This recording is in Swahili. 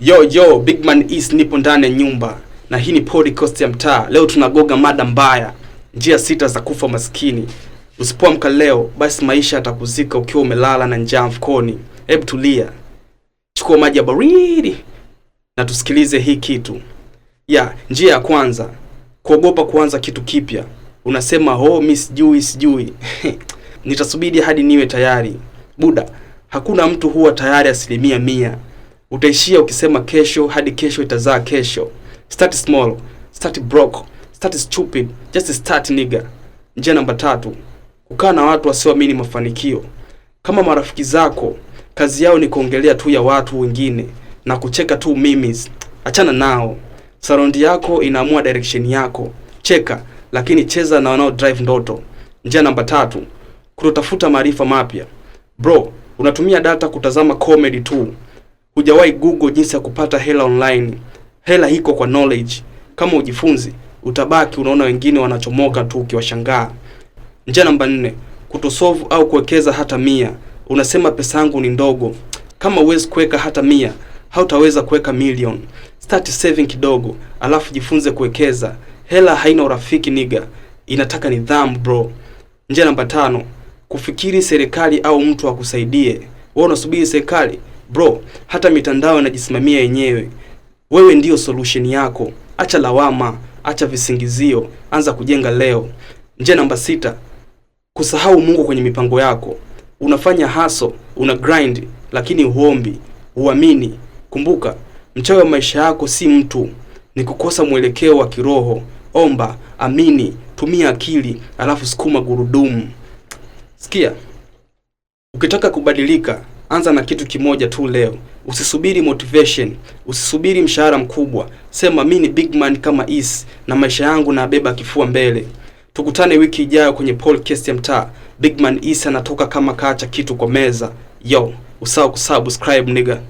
Yo yo, Man East nipo ndani ya nyumba na hii ni podcast ya mtaa. Leo tunagoga mada mbaya, njia sita za kufa maskini. Usipoamka leo, basi maisha yatakuzika ukiwa umelala na njaa mfukoni. Hebu tulia, chukua maji ya baridi na tusikilize hii kitu ya njia ya kwanza, kuogopa kuanza kitu kipya. Unasema oh, mi sijui sijui nitasubiri hadi niwe tayari. Buda, hakuna mtu huwa tayari asilimia mia Utaishia ukisema kesho hadi kesho itazaa kesho. Start small, start broke, start stupid, just start nigga. Njia namba tatu, kukaa na watu wasioamini mafanikio. Kama marafiki zako kazi yao ni kuongelea tu ya watu wengine na kucheka tu memes, achana nao. Sarondi yako inaamua direction yako. Cheka lakini cheza na wanao drive ndoto. Njia namba tatu, kutotafuta maarifa mapya. Bro, unatumia data kutazama comedy tu hujawahi google jinsi ya kupata hela online. Hela iko kwa knowledge. Kama ujifunzi utabaki unaona wengine wanachomoka tu ukiwashangaa. Njia namba nne, kutosovu au kuwekeza hata mia. Unasema pesa yangu ni ndogo. Kama huwezi kuweka hata mia, hautaweza kuweka million Start saving kidogo, alafu jifunze kuwekeza. Hela haina urafiki niga, inataka nidhamu bro. Njia namba tano, kufikiri serikali au mtu akusaidie. Wewe unasubiri serikali? Bro, hata mitandao inajisimamia yenyewe. Wewe ndiyo solution yako. Acha lawama, acha visingizio, anza kujenga leo. Njia namba sita, kusahau Mungu kwenye mipango yako. Unafanya haso, una grind, lakini huombi, huamini. Kumbuka, mchawi wa maisha yako si mtu, ni kukosa mwelekeo wa kiroho. Omba, amini, tumia akili, alafu sukuma gurudumu. Sikia, ukitaka kubadilika anza na kitu kimoja tu leo. Usisubiri motivation, usisubiri mshahara mkubwa. Sema mi ni big man kama is na maisha yangu nabeba kifua mbele. Tukutane wiki ijayo kwenye podcast ya mtaa. Big man is anatoka kama kacha kitu kwa meza. Yo, usahau kusubscribe nigga.